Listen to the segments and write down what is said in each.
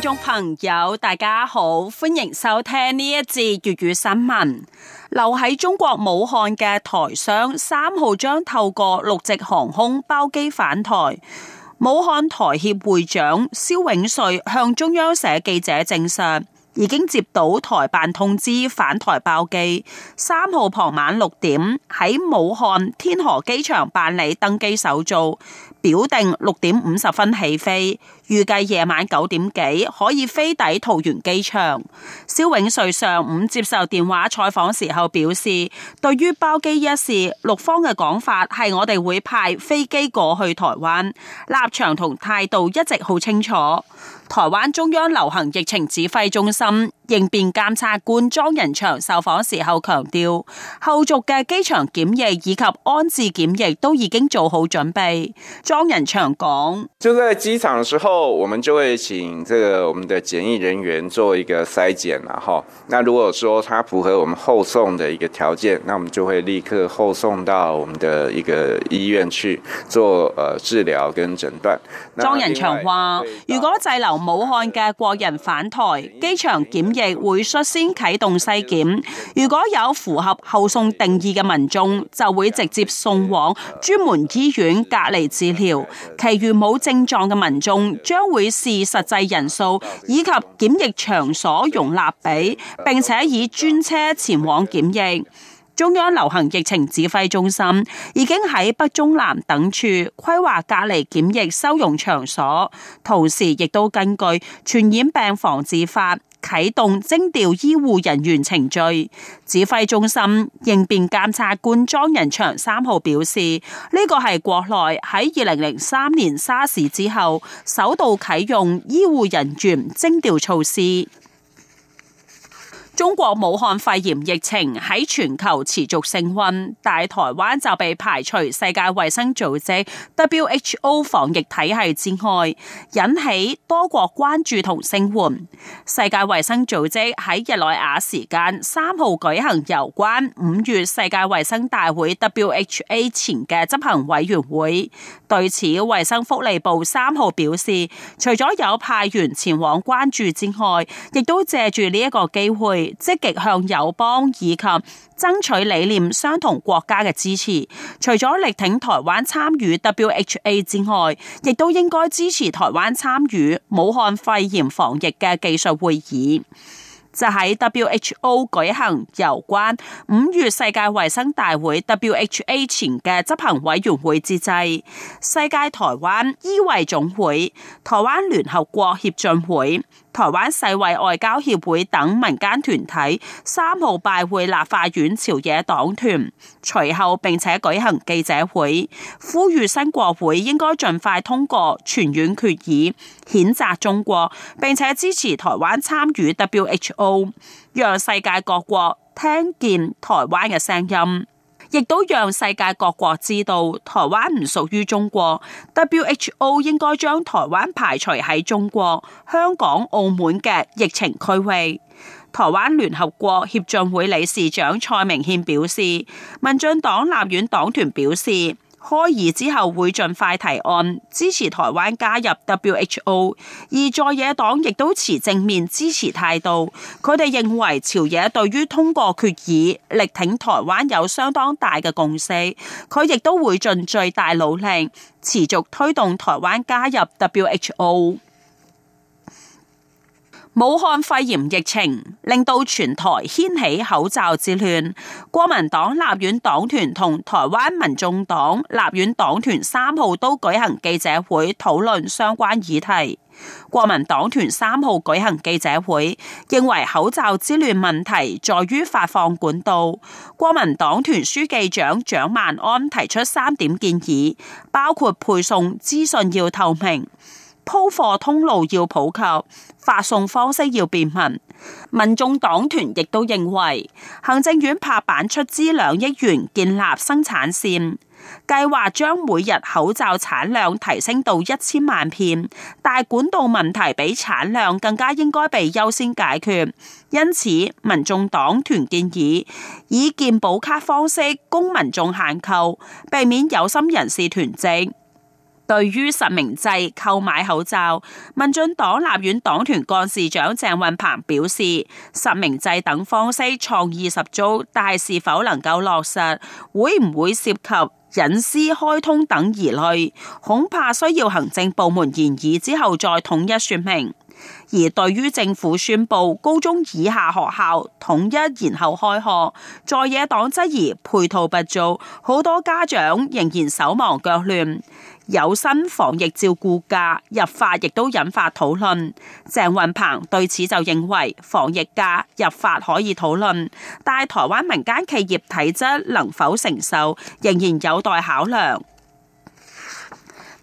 聽眾朋友，大家好，歡迎收聽呢一節粵語新聞。留喺中國武漢嘅台商三號將透過陸籍航空包機返台。武漢台協會長肖永瑞向中央社記者證實，已經接到台辦通知返台包機。三號傍晚六點喺武漢天河機場辦理登機手續。表定六點五十分起飛，預計夜晚九點幾可以飛抵桃園機場。蕭永瑞上午接受電話採訪時候表示，對於包機一事，陸方嘅講法係我哋會派飛機過去台灣，立場同態度一直好清楚。台灣中央流行疫情指揮中心。應變監察官莊仁祥受訪時候強調，後續嘅機場檢疫以及安置檢疫都已經做好準備。莊仁祥講：就在機場嘅時候，我們就會請這個我們的檢疫人員做一個篩檢啦。哈，那如果說他符合我們後送嘅一個條件，那我們就會立刻後送到我們的一個醫院去做，呃，治療跟診斷。莊仁祥話：如果滯留武漢嘅國人返台，機場檢疫。會率先啟動篩檢，如果有符合後送定義嘅民眾，就會直接送往專門醫院隔離治療。其餘冇症狀嘅民眾將會視實際人數以及檢疫場所容納比，並且以專車前往檢疫。中央流行疫情指揮中心已經喺北中南等處規劃隔離檢疫收容場所，同時亦都根據傳染病防治法，啟動徵調醫護人員程序，指揮中心應變監察官莊仁祥三號表示，呢個係國內喺二零零三年沙士之後，首度啟用醫護人員徵調措施。中國武漢肺炎疫情喺全球持續升溫，但台灣就被排除世界衛生組織 （WHO） 防疫體系之外，引起多國關注同聲援。世界衛生組織喺日內瓦時間三號舉行有關五月世界衛生大會 w h o 前嘅執行委員會，對此衛生福利部三號表示，除咗有派員前往關注之外，亦都借住呢一個機會。積極向友邦以及爭取理念相同國家嘅支持，除咗力挺台灣參與 WHO 之外，亦都應該支持台灣參與武漢肺炎防疫嘅技術會議，就喺、是、WHO 舉行有關五月世界衛生大會 （WHA） 前嘅執行委員會之際，世界台灣醫衛總會、台灣聯合國協進會。台灣世衛外交協會等民間團體三號拜會立法院朝野黨團，隨後並且舉行記者會，呼籲新國會應該盡快通過全院決議，譴責中國，並且支持台灣參與 WHO，讓世界各國聽見台灣嘅聲音。亦都讓世界各國知道台灣唔屬於中國，WHO 應該將台灣排除喺中國、香港、澳門嘅疫情區域。台灣聯合國協進會理事長蔡明憲表示，民進黨立院黨團表示。開議之後會盡快提案支持台灣加入 WHO，而在野黨亦都持正面支持態度。佢哋認為朝野對於通過決議力挺台灣有相當大嘅共識，佢亦都會盡最大努力持續推動台灣加入 WHO。武漢肺炎疫情令到全台掀起口罩之亂，國民黨立院黨團同台灣民眾黨立院黨團三號都舉行記者會討論相關議題。國民黨團三號舉行記者會，認為口罩之亂問題在於發放管道。國民黨團書記長蔣萬安提出三點建議，包括配送資訊要透明。鋪貨通路要普及，發送方式要便民。民眾黨團亦都認為，行政院拍板出資兩億元建立生產線，計劃將每日口罩產量提升到一千萬片。大管道問題比產量更加應該被優先解決，因此民眾黨團建議以健保卡方式供民眾限購，避免有心人士囤積。對於實名制購買口罩，民進黨立院黨團幹事長鄭運鵬表示，實名制等方式創意十足，但係是否能夠落實，會唔會涉及隱私、開通等疑慮，恐怕需要行政部門研議之後再統一說明。而對於政府宣布高中以下學校統一延後開學，在野黨質疑配套不足，好多家長仍然手忙腳亂。有薪防疫照顧假入法亦都引發討論。鄭運鵬對此就認為防疫假入法可以討論，但台灣民間企業體質能否承受，仍然有待考量。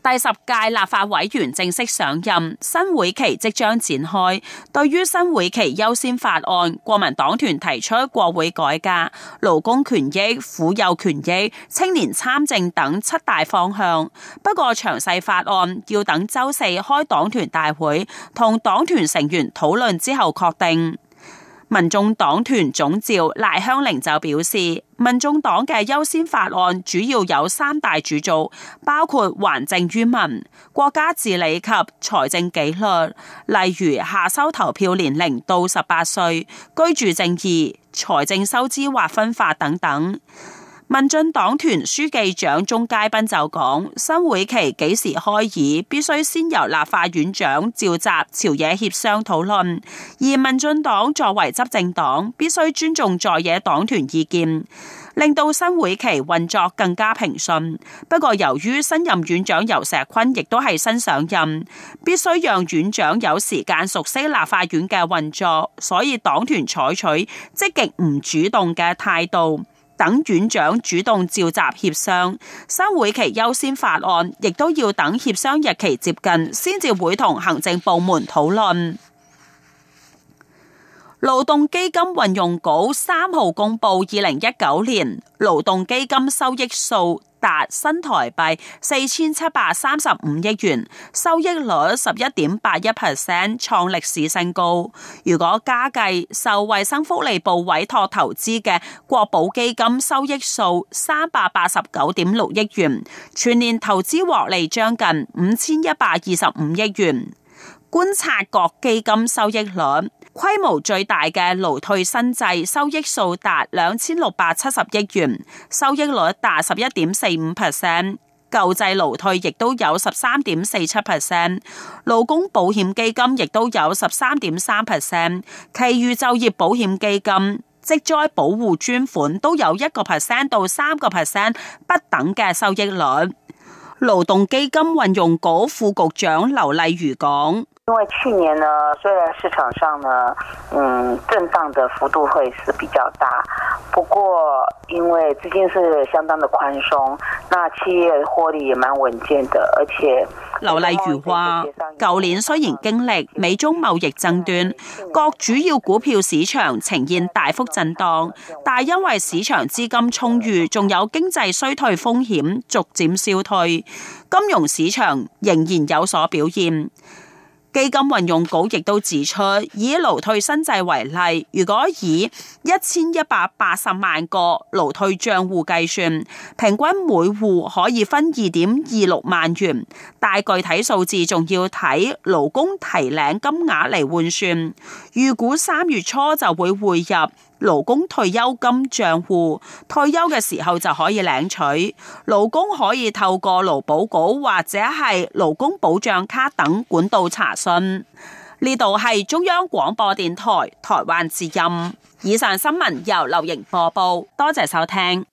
第十屆立法委員正式上任，新會期即將展開。對於新會期優先法案，國民黨團提出國會改革、勞工權益、婦幼權益、青年參政等七大方向。不過，詳細法案要等周四開黨團大會，同黨團成員討論之後確定。民眾黨團總召賴香伶就表示，民眾黨嘅優先法案主要有三大主造，包括還政於民、國家治理及財政紀律，例如下修投票年齡到十八歲、居住正義、財政收支劃分法等等。民進黨團書記長鍾佳濱就講：新會期幾時開議，必須先由立法院長召集朝野協商討論，而民進黨作為執政黨，必須尊重在野黨團意見，令到新會期運作更加平順。不過，由於新任院長游錫堃亦都係新上任，必須讓院長有時間熟悉立法院嘅運作，所以黨團採取積極唔主動嘅態度。等院長主動召集協商，新會期優先法案亦都要等協商日期接近，先至會同行政部門討論。勞動基金運用局三號公布二零一九年勞動基金收益數，達新台幣四千七百三十五億元，收益率十一點八一 percent，創歷史新高。如果加計受衛生福利部委託投資嘅國保基金收益數三百八十九點六億元，全年投資獲利將近五千一百二十五億元。觀察各基金收益率。規模最大嘅勞退新制收益數達兩千六百七十億元，收益率達十一點四五 percent；舊制勞退亦都有十三點四七 percent，勞工保險基金亦都有十三點三 percent，其餘就業保險基金、職災保護專款都有一個 percent 到三個 percent 不等嘅收益率。勞動基金運用局副局長劉麗如講。因為去年呢，雖然市場上呢，嗯，震盪的幅度會是比較大，不過因為資金是相當的寬鬆，那企業獲利也蠻穩健的，而且劉麗如話，舊年雖然經歷美中貿易爭端，各主要股票市場呈現大幅震盪，但因為市場資金充裕，仲有經濟衰退風險逐漸消退，金融市場仍然有所表現。基金運用稿亦都指出，以勞退新制為例，如果以一千一百八十萬個勞退賬戶計算，平均每戶可以分二點二六萬元，但具體數字仲要睇勞工提領金額嚟換算。預估三月初就會匯入。勞工退休金賬戶退休嘅時候就可以領取，勞工可以透過勞保局或者係勞工保障卡等管道查詢。呢度係中央廣播電台台灣之音，以上新聞由劉瑩播報，多謝收聽。